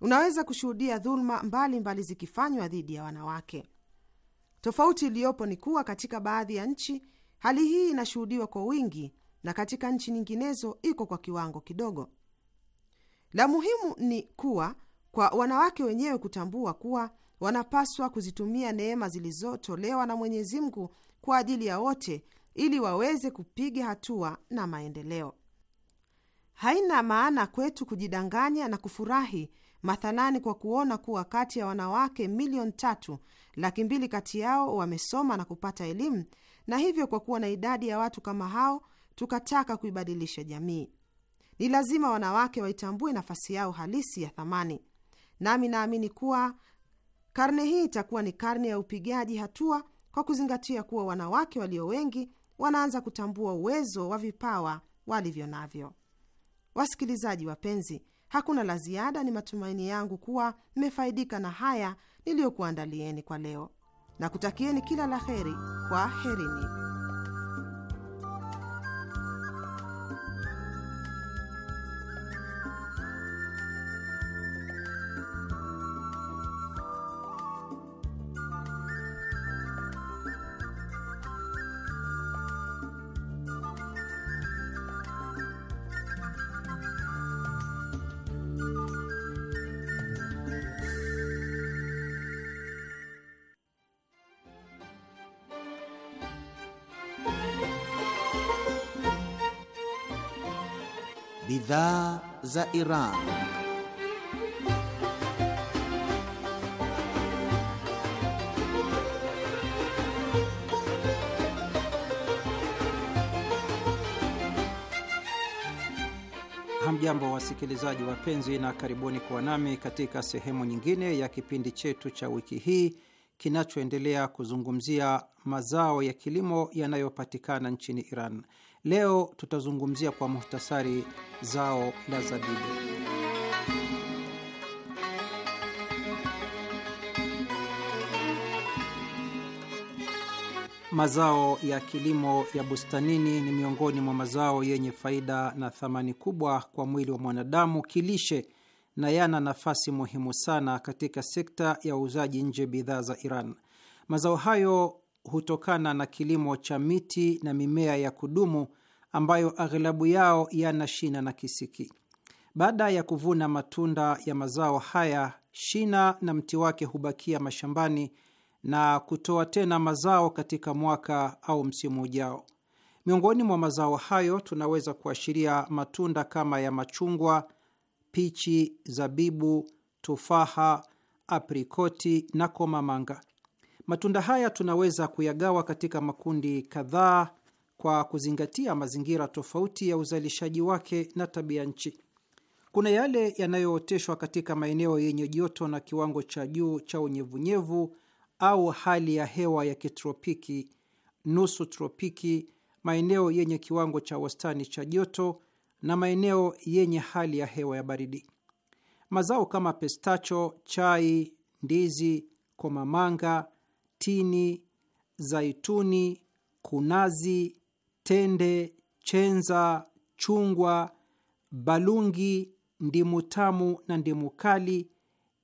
unaweza kushuhudia dhuluma mbalimbali zikifanywa dhidi ya wanawake. Tofauti iliyopo ni kuwa katika baadhi ya nchi hali hii inashuhudiwa kwa wingi na katika nchi nyinginezo iko kwa kiwango kidogo. La muhimu ni kuwa kwa wanawake wenyewe kutambua kuwa wanapaswa kuzitumia neema zilizotolewa na Mwenyezi Mungu kwa ajili ya wote ili waweze kupiga hatua na maendeleo. Haina maana kwetu kujidanganya na kufurahi mathalani kwa kuona kuwa kati ya wanawake milioni tatu laki mbili kati yao wamesoma na kupata elimu, na hivyo kwa kuwa na idadi ya watu kama hao, tukataka kuibadilisha jamii. Ni lazima wanawake waitambue nafasi yao halisi ya thamani, nami naamini kuwa karne hii itakuwa ni karne ya upigaji hatua, kwa kuzingatia kuwa wanawake walio wengi wanaanza kutambua uwezo wa vipawa walivyo navyo. Wasikilizaji wapenzi, Hakuna la ziada. Ni matumaini yangu kuwa mmefaidika na haya niliyokuandalieni kwa leo, na kutakieni kila la heri. Kwa herini. za Iran. Hamjambo wasikilizaji wapenzi, na karibuni kuwa nami katika sehemu nyingine ya kipindi chetu cha wiki hii kinachoendelea kuzungumzia mazao ya kilimo yanayopatikana nchini Iran. Leo tutazungumzia kwa muhtasari zao la zabibu. Mazao ya kilimo ya bustanini ni miongoni mwa mazao yenye faida na thamani kubwa kwa mwili wa mwanadamu kilishe, na yana nafasi muhimu sana katika sekta ya uuzaji nje bidhaa za Iran. Mazao hayo hutokana na kilimo cha miti na mimea ya kudumu ambayo aghalabu yao yana shina na kisiki. Baada ya kuvuna matunda ya mazao haya, shina na mti wake hubakia mashambani na kutoa tena mazao katika mwaka au msimu ujao. Miongoni mwa mazao hayo tunaweza kuashiria matunda kama ya machungwa, pichi, zabibu, tufaha, aprikoti na komamanga. Matunda haya tunaweza kuyagawa katika makundi kadhaa kwa kuzingatia mazingira tofauti ya uzalishaji wake na tabia nchi. Kuna yale yanayooteshwa katika maeneo yenye joto na kiwango cha juu cha unyevunyevu au hali ya hewa ya kitropiki, nusu tropiki, maeneo yenye kiwango cha wastani cha joto na maeneo yenye hali ya hewa ya baridi. Mazao kama pestacho, chai, ndizi, komamanga tini, zaituni, kunazi, tende, chenza, chungwa, balungi, ndimu tamu na ndimu kali,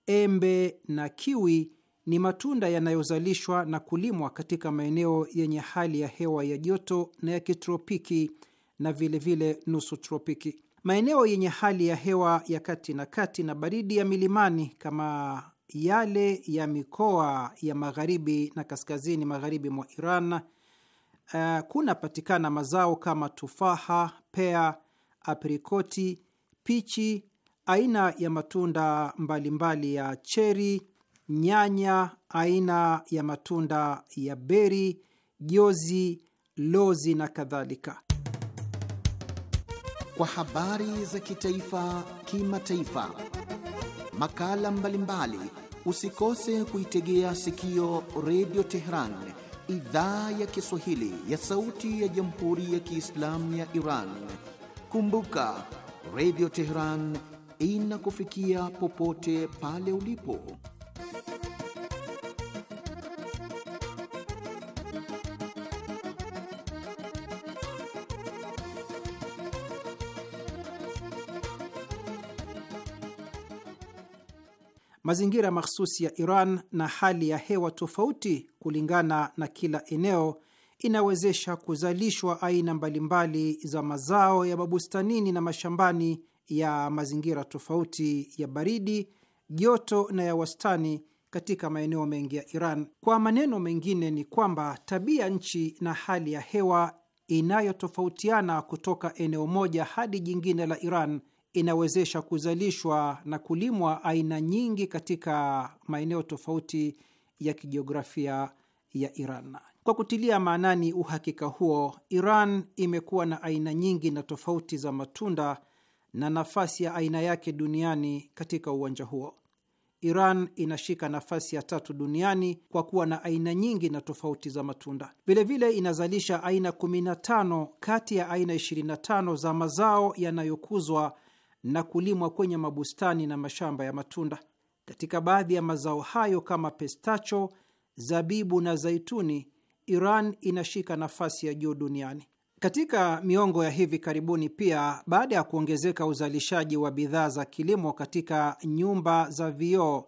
embe na kiwi ni matunda yanayozalishwa na kulimwa katika maeneo yenye hali ya hewa ya joto na ya kitropiki na vilevile vile nusu tropiki. Maeneo yenye hali ya hewa ya kati na kati na baridi ya milimani kama yale ya mikoa ya magharibi na kaskazini magharibi mwa Iran uh, kunapatikana mazao kama tufaha, pea, aprikoti, pichi, aina ya matunda mbalimbali mbali ya cheri, nyanya, aina ya matunda ya beri, jozi, lozi na kadhalika. Kwa habari za kitaifa, kimataifa makala mbalimbali Usikose kuitegea sikio Redio Teheran, idhaa ya Kiswahili ya sauti ya Jamhuri ya Kiislamu ya Iran. Kumbuka, Redio Teheran inakufikia popote pale ulipo. mazingira mahsusi ya Iran na hali ya hewa tofauti kulingana na kila eneo inawezesha kuzalishwa aina mbalimbali za mazao ya mabustanini na mashambani ya mazingira tofauti ya baridi, joto na ya wastani katika maeneo mengi ya Iran. Kwa maneno mengine, ni kwamba tabia nchi na hali ya hewa inayotofautiana kutoka eneo moja hadi jingine la Iran inawezesha kuzalishwa na kulimwa aina nyingi katika maeneo tofauti ya kijiografia ya Iran. Kwa kutilia maanani uhakika huo, Iran imekuwa na aina nyingi na tofauti za matunda na nafasi ya aina yake duniani katika uwanja huo. Iran inashika nafasi ya tatu duniani kwa kuwa na aina nyingi na tofauti za matunda. Vilevile inazalisha aina 15 kati ya aina 25 za mazao yanayokuzwa na kulimwa kwenye mabustani na mashamba ya matunda. Katika baadhi ya mazao hayo kama pestacho, zabibu na zaituni, Iran inashika nafasi ya juu duniani. Katika miongo ya hivi karibuni pia, baada ya kuongezeka uzalishaji wa bidhaa za kilimo katika nyumba za vioo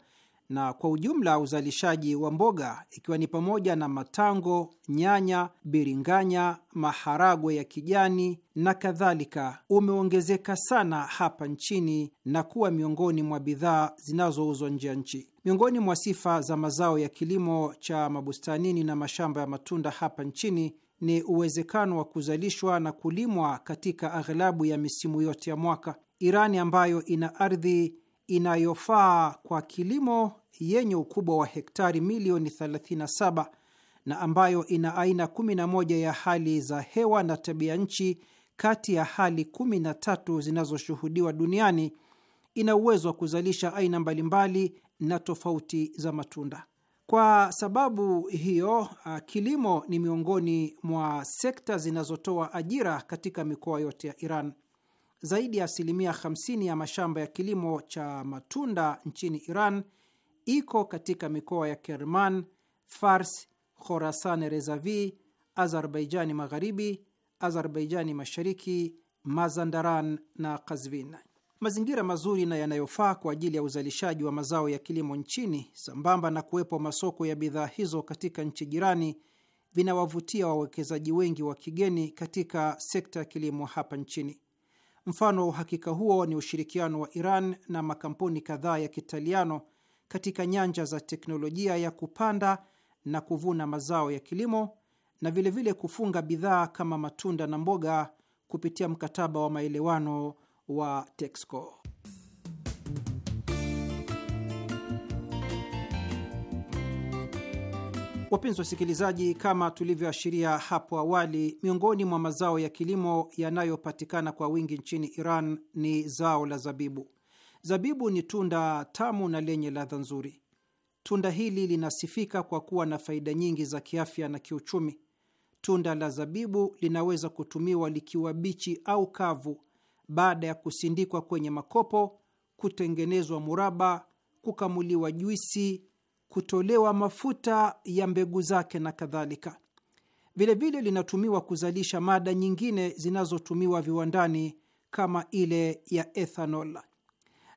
na kwa ujumla uzalishaji wa mboga ikiwa ni pamoja na matango, nyanya, biringanya, maharagwe ya kijani na kadhalika umeongezeka sana hapa nchini na kuwa miongoni mwa bidhaa zinazouzwa nje ya nchi. Miongoni mwa sifa za mazao ya kilimo cha mabustanini na mashamba ya matunda hapa nchini ni uwezekano wa kuzalishwa na kulimwa katika aghalabu ya misimu yote ya mwaka. Irani ambayo ina ardhi inayofaa kwa kilimo yenye ukubwa wa hektari milioni 37 na ambayo ina aina 11 ya hali za hewa na tabia nchi kati ya hali 13 zinazoshuhudiwa duniani, ina uwezo wa kuzalisha aina mbalimbali na tofauti za matunda. Kwa sababu hiyo, kilimo ni miongoni mwa sekta zinazotoa ajira katika mikoa yote ya Iran zaidi ya asilimia 50 ya mashamba ya kilimo cha matunda nchini Iran iko katika mikoa ya Kerman, Fars, Khorasan Rezavi, Azerbaijani Magharibi, Azerbaijani Mashariki, Mazandaran na Kazvin. Mazingira mazuri na yanayofaa kwa ajili ya uzalishaji wa mazao ya kilimo nchini sambamba na kuwepo masoko ya bidhaa hizo katika nchi jirani vinawavutia wawekezaji wengi wa kigeni katika sekta ya kilimo hapa nchini. Mfano wa uhakika huo ni ushirikiano wa Iran na makampuni kadhaa ya Kitaliano katika nyanja za teknolojia ya kupanda na kuvuna mazao ya kilimo na vilevile vile kufunga bidhaa kama matunda na mboga kupitia mkataba wa maelewano wa Texco. Wapenzi wasikilizaji, kama tulivyoashiria hapo awali, miongoni mwa mazao ya kilimo yanayopatikana kwa wingi nchini Iran ni zao la zabibu. Zabibu ni tunda tamu na lenye ladha nzuri. Tunda hili linasifika kwa kuwa na faida nyingi za kiafya na kiuchumi. Tunda la zabibu linaweza kutumiwa likiwa bichi au kavu, baada ya kusindikwa kwenye makopo, kutengenezwa muraba, kukamuliwa juisi kutolewa mafuta ya mbegu zake na kadhalika. Vilevile linatumiwa kuzalisha mada nyingine zinazotumiwa viwandani kama ile ya ethanol.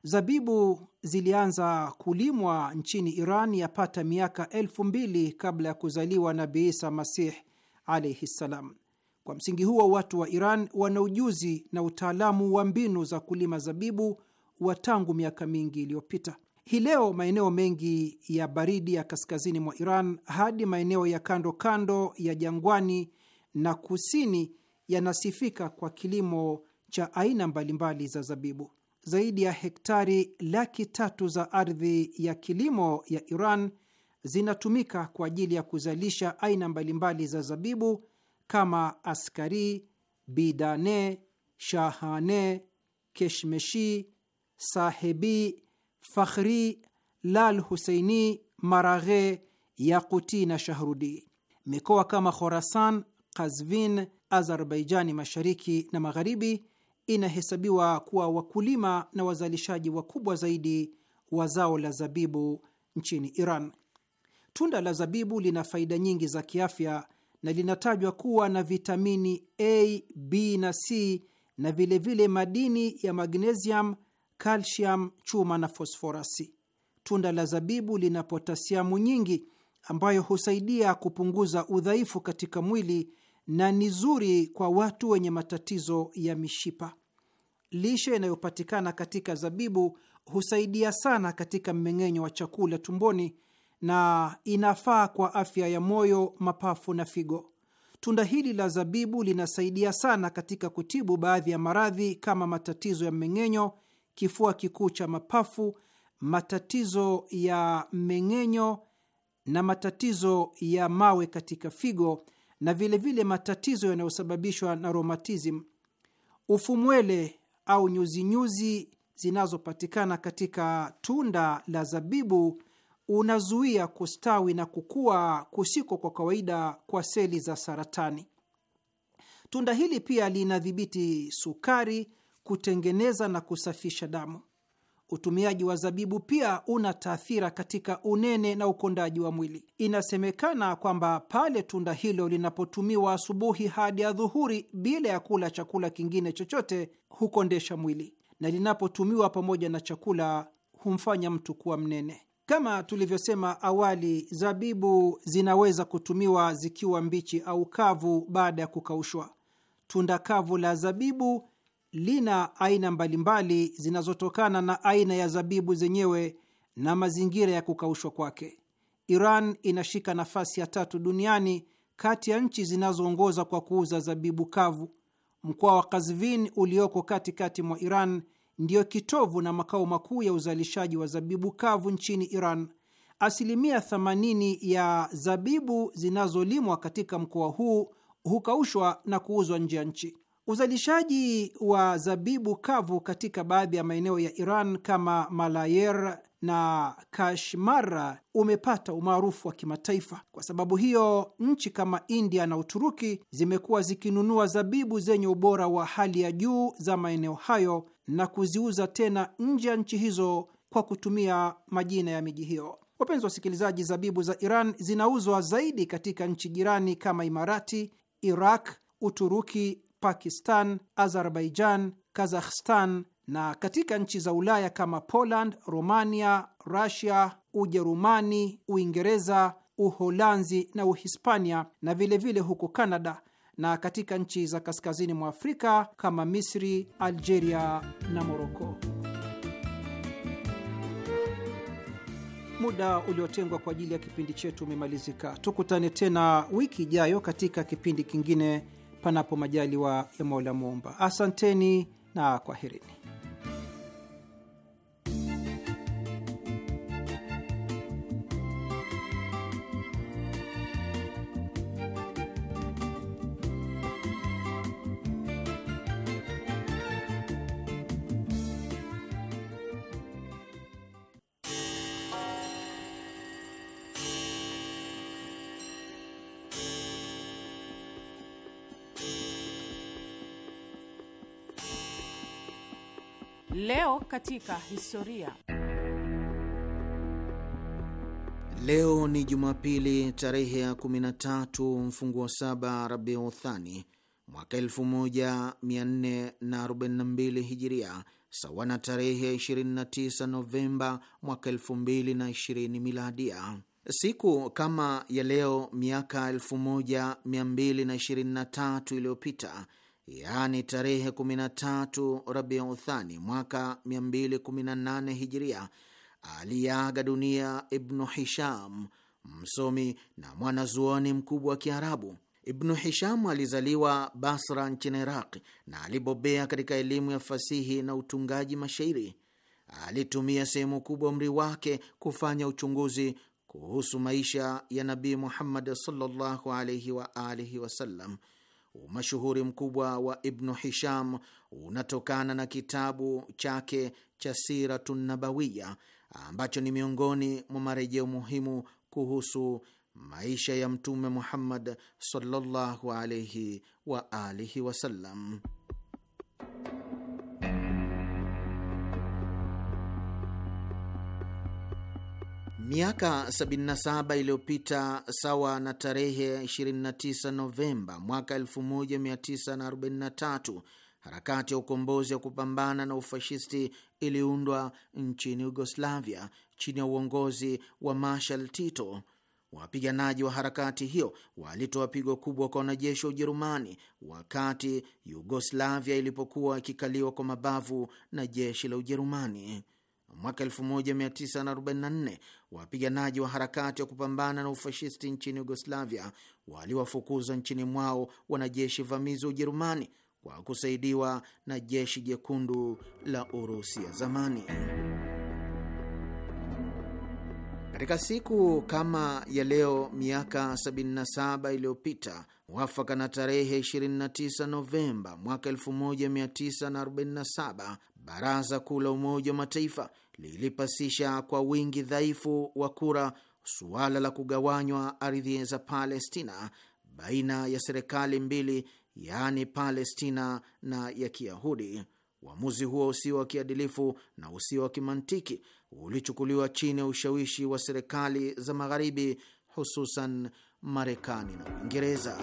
Zabibu zilianza kulimwa nchini Iran yapata miaka elfu mbili kabla ya kuzaliwa Nabi Isa Masih alaihi ssalam. Kwa msingi huo, watu wa Iran wana ujuzi na utaalamu wa mbinu za kulima zabibu wa tangu miaka mingi iliyopita. Hii leo maeneo mengi ya baridi ya kaskazini mwa Iran hadi maeneo ya kando kando ya jangwani na kusini yanasifika kwa kilimo cha aina mbalimbali za zabibu. Zaidi ya hektari laki tatu za ardhi ya kilimo ya Iran zinatumika kwa ajili ya kuzalisha aina mbalimbali za zabibu kama askari, bidane, shahane, keshmeshi, sahebi Fakhri, Lal Huseini, Maraghe, Yakuti na Shahrudi. Mikoa kama Khorasan, Kazvin, Azerbaijani mashariki na magharibi inahesabiwa kuwa wakulima na wazalishaji wakubwa zaidi wa zao la zabibu nchini Iran. Tunda la zabibu lina faida nyingi za kiafya na linatajwa kuwa na vitamini A, B na C na vilevile vile madini ya magnesium kalsiamu, chuma na fosforasi. Tunda la zabibu lina potasiamu nyingi ambayo husaidia kupunguza udhaifu katika mwili na ni zuri kwa watu wenye matatizo ya mishipa. Lishe inayopatikana katika zabibu husaidia sana katika mmeng'enyo wa chakula tumboni na inafaa kwa afya ya moyo, mapafu na figo. Tunda hili la zabibu linasaidia sana katika kutibu baadhi ya maradhi kama matatizo ya mmeng'enyo, kifua kikuu cha mapafu, matatizo ya mengenyo na matatizo ya mawe katika figo na vilevile vile matatizo yanayosababishwa na romatism ufumwele au nyuzinyuzi zinazopatikana katika tunda la zabibu unazuia kustawi na kukua kusiko kwa kawaida kwa seli za saratani. Tunda hili pia linadhibiti sukari, kutengeneza na kusafisha damu. Utumiaji wa zabibu pia una taathira katika unene na ukondaji wa mwili. Inasemekana kwamba pale tunda hilo linapotumiwa asubuhi hadi adhuhuri bila ya kula chakula kingine chochote hukondesha mwili, na linapotumiwa pamoja na chakula humfanya mtu kuwa mnene. Kama tulivyosema awali, zabibu zinaweza kutumiwa zikiwa mbichi au kavu baada ya kukaushwa. Tunda kavu la zabibu lina aina mbalimbali zinazotokana na aina ya zabibu zenyewe na mazingira ya kukaushwa kwake. Iran inashika nafasi ya tatu duniani kati ya nchi zinazoongoza kwa kuuza zabibu kavu. Mkoa wa Kazvin ulioko katikati mwa Iran ndiyo kitovu na makao makuu ya uzalishaji wa zabibu kavu nchini Iran. Asilimia 80 ya zabibu zinazolimwa katika mkoa huu hukaushwa na kuuzwa nje ya nchi. Uzalishaji wa zabibu kavu katika baadhi ya maeneo ya Iran kama Malayer na Kashmara umepata umaarufu wa kimataifa. Kwa sababu hiyo, nchi kama India na Uturuki zimekuwa zikinunua zabibu zenye ubora wa hali ya juu za maeneo hayo na kuziuza tena nje ya nchi hizo kwa kutumia majina ya miji hiyo. Wapenzi wasikilizaji, zabibu za Iran zinauzwa zaidi katika nchi jirani kama Imarati, Iraq, Uturuki, Pakistan, Azerbaijan, Kazakhstan na katika nchi za Ulaya kama Poland, Romania, Rusia, Ujerumani, Uingereza, Uholanzi na Uhispania na vilevile vile huko Kanada na katika nchi za kaskazini mwa Afrika kama Misri, Algeria na Moroko. Muda uliotengwa kwa ajili ya kipindi chetu umemalizika. Tukutane tena wiki ijayo katika kipindi kingine panapo majaliwa ya Mola Muumba. Asanteni na kwaherini. katika historia. Leo ni Jumapili tarehe ya 13 mfunguo saba Rabiu Thani mwaka 1442 Hijiria, sawa na tarehe 29 Novemba mwaka 2020 Miladia. Siku kama ya leo miaka 1223 iliyopita yaani tarehe 13 Rabiuthani mwaka 218 Hijiria, aliyeaga dunia Ibnu Hisham, msomi na mwanazuoni mkubwa wa Kiarabu. Ibnu hishamu alizaliwa Basra nchini Iraq na alibobea katika elimu ya fasihi na utungaji mashairi. Alitumia sehemu kubwa umri wake kufanya uchunguzi kuhusu maisha ya Nabii Muhammad sallallahu alaihi wa alihi wasallam. Umashuhuri mkubwa wa Ibnu Hisham unatokana na kitabu chake cha Siratu Nabawiya ambacho ni miongoni mwa marejeo muhimu kuhusu maisha ya Mtume Muhammad sallallahu alaihi wa alihi wasallam. Miaka 77 iliyopita sawa na tarehe 29 Novemba mwaka 1943 harakati ya ukombozi wa kupambana na ufashisti iliundwa nchini Yugoslavia chini ya uongozi wa Marshal Tito. Wapiganaji wa harakati hiyo walitoa pigo kubwa kwa wanajeshi wa Ujerumani wakati Yugoslavia ilipokuwa ikikaliwa kwa mabavu na jeshi la Ujerumani mwaka 1944 wapiganaji wa harakati wa kupambana na ufashisti nchini Yugoslavia waliwafukuza nchini mwao wanajeshi vamizi wa Ujerumani kwa kusaidiwa na jeshi jekundu la Urusi ya zamani. Katika siku kama ya leo miaka 77 iliyopita mwafaka na tarehe 29 Novemba mwaka 1947 Baraza Kuu la Umoja wa Mataifa lilipasisha kwa wingi dhaifu wa kura suala la kugawanywa ardhi za Palestina baina ya serikali mbili, yaani Palestina na ya Kiyahudi. Uamuzi huo usio wa kiadilifu na usio wa kimantiki ulichukuliwa chini ya ushawishi wa serikali za Magharibi, hususan Marekani na Uingereza.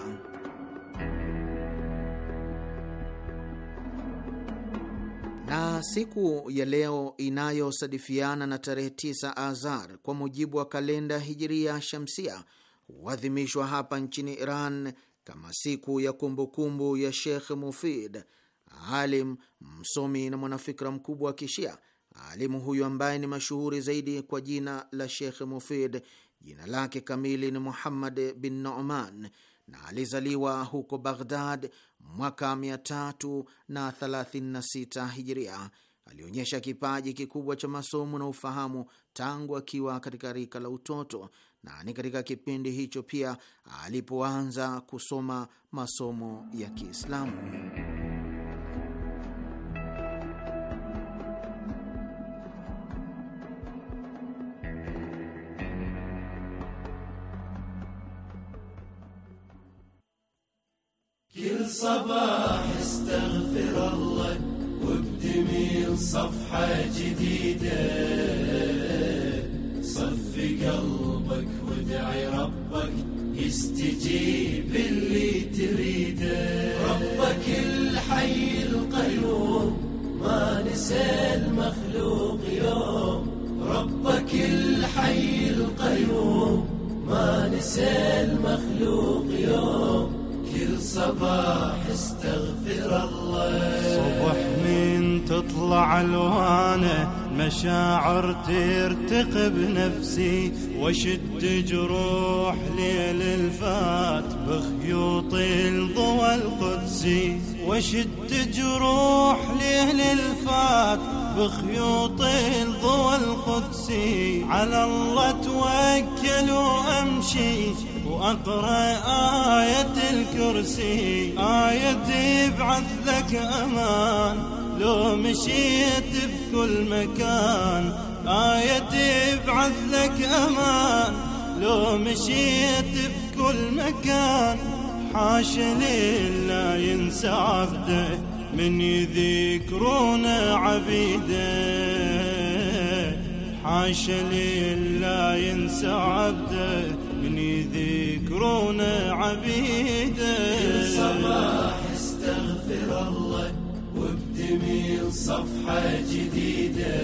Na siku ya leo inayosadifiana na tarehe 9 Azar kwa mujibu wa kalenda Hijiria Shamsia huadhimishwa hapa nchini Iran kama siku ya kumbukumbu kumbu ya Shekh Mufid, alim msomi na mwanafikra mkubwa wa Kishia. Alimu huyu ambaye ni mashuhuri zaidi kwa jina la Shekh Mufid, jina lake kamili ni Muhammad bin Noman, na alizaliwa huko Baghdad mwaka 336 Hijiria. Alionyesha kipaji kikubwa cha masomo na ufahamu tangu akiwa katika rika la utoto, na ni katika kipindi hicho pia alipoanza kusoma masomo ya Kiislamu. صباح استغفر الله وابدي من صفحة جديدة صفي قلبك وادعي ربك يستجيب اللي تريده ربك الحي القيوم ما نسى المخلوق يوم ربك الحي القيوم ما نسى المخلوق يوم الصباح استغفر الله صبح من تطلع الوانه مشاعر ترتق بنفسي وشد جروح ليل الفات بخيوط الضوى القدسي وشد جروح ليل الفات بخيوط الضوى القدسي على الله واكل وامشي واقرا آية الكرسي آية بعثك امان لو مشيت بكل مكان آية بعثك امان لو مشيت بكل مكان حاش لا ينسى عبده من يذكرون عبيده حاش لا ينسى عبده من يذكرون عبيده كل صباح استغفر الله وابتمي صفحة جديدة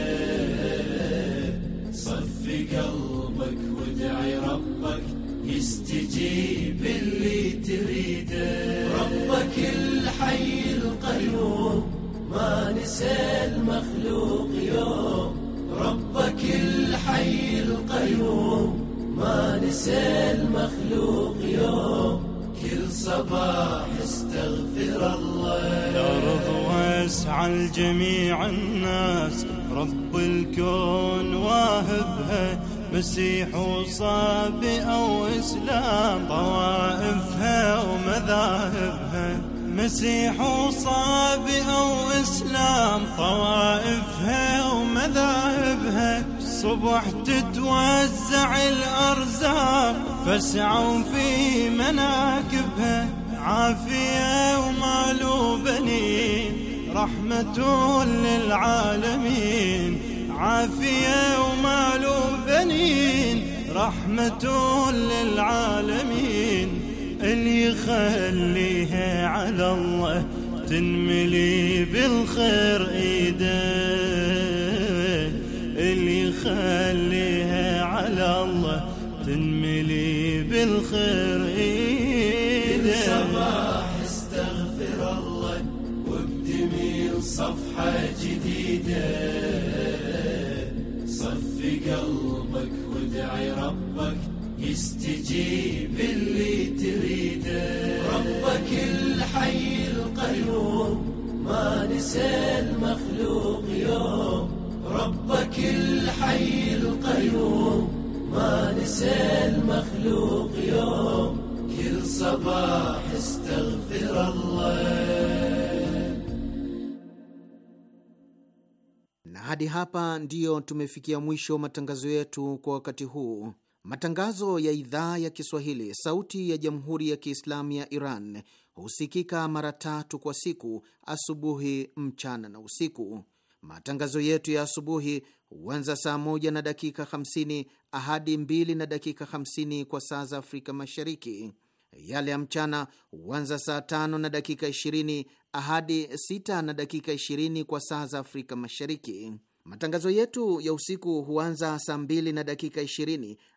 صف قلبك وادعي ربك يستجيب اللي تريده ربك الحي القيوم ما نسى المخلوق يوم ربك الحي القيوم ما نسى المخلوق يوم كل صباح استغفر الله الأرض واسع لجميع الناس رب الكون واهبها مسيح وصابئة وإسلام طوائفها ومذاهبها مسيح وصابئة وإسلام طوائفها ومذاهبها صبح تتوزع الأرزاق فاسعوا في مناكبها عافية ومال وبنين رحمة للعالمين عافية ومال وبنين رحمة للعالمين اللي يخليها على الله تنملي بالخير ايده اللي يخليها على الله تنملي بالخير ايده كل صباح استغفر الله وابتمي صفحة جديدة صفي قلبك وادعي ربك يستجيب اللي تبيه كل حي القيوم ما نسى المخلوق يوم ربك الحي القيوم ما نسى المخلوق يوم كل صباح استغفر الله na hadi hapa ndiyo tumefikia mwisho matangazo yetu kwa wakati huu Matangazo ya idhaa ya Kiswahili sauti ya jamhuri ya Kiislamu ya Iran husikika mara tatu kwa siku: asubuhi, mchana na usiku. Matangazo yetu ya asubuhi huanza saa moja na dakika 50 ahadi 2 na dakika 50 kwa saa za Afrika Mashariki. Yale ya mchana huanza saa tano na dakika 20 ahadi sita na dakika 20 kwa saa za Afrika Mashariki. Matangazo yetu ya usiku huanza saa mbili na dakika